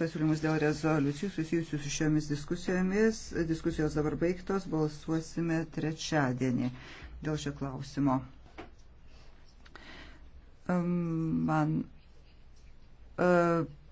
pasiūlymus dėl rezoliucijų susijusių su šiomis diskusijomis. Diskusijos dabar baigtos, balsuosime trečiadienį dėl šio klausimo. Man. Uh,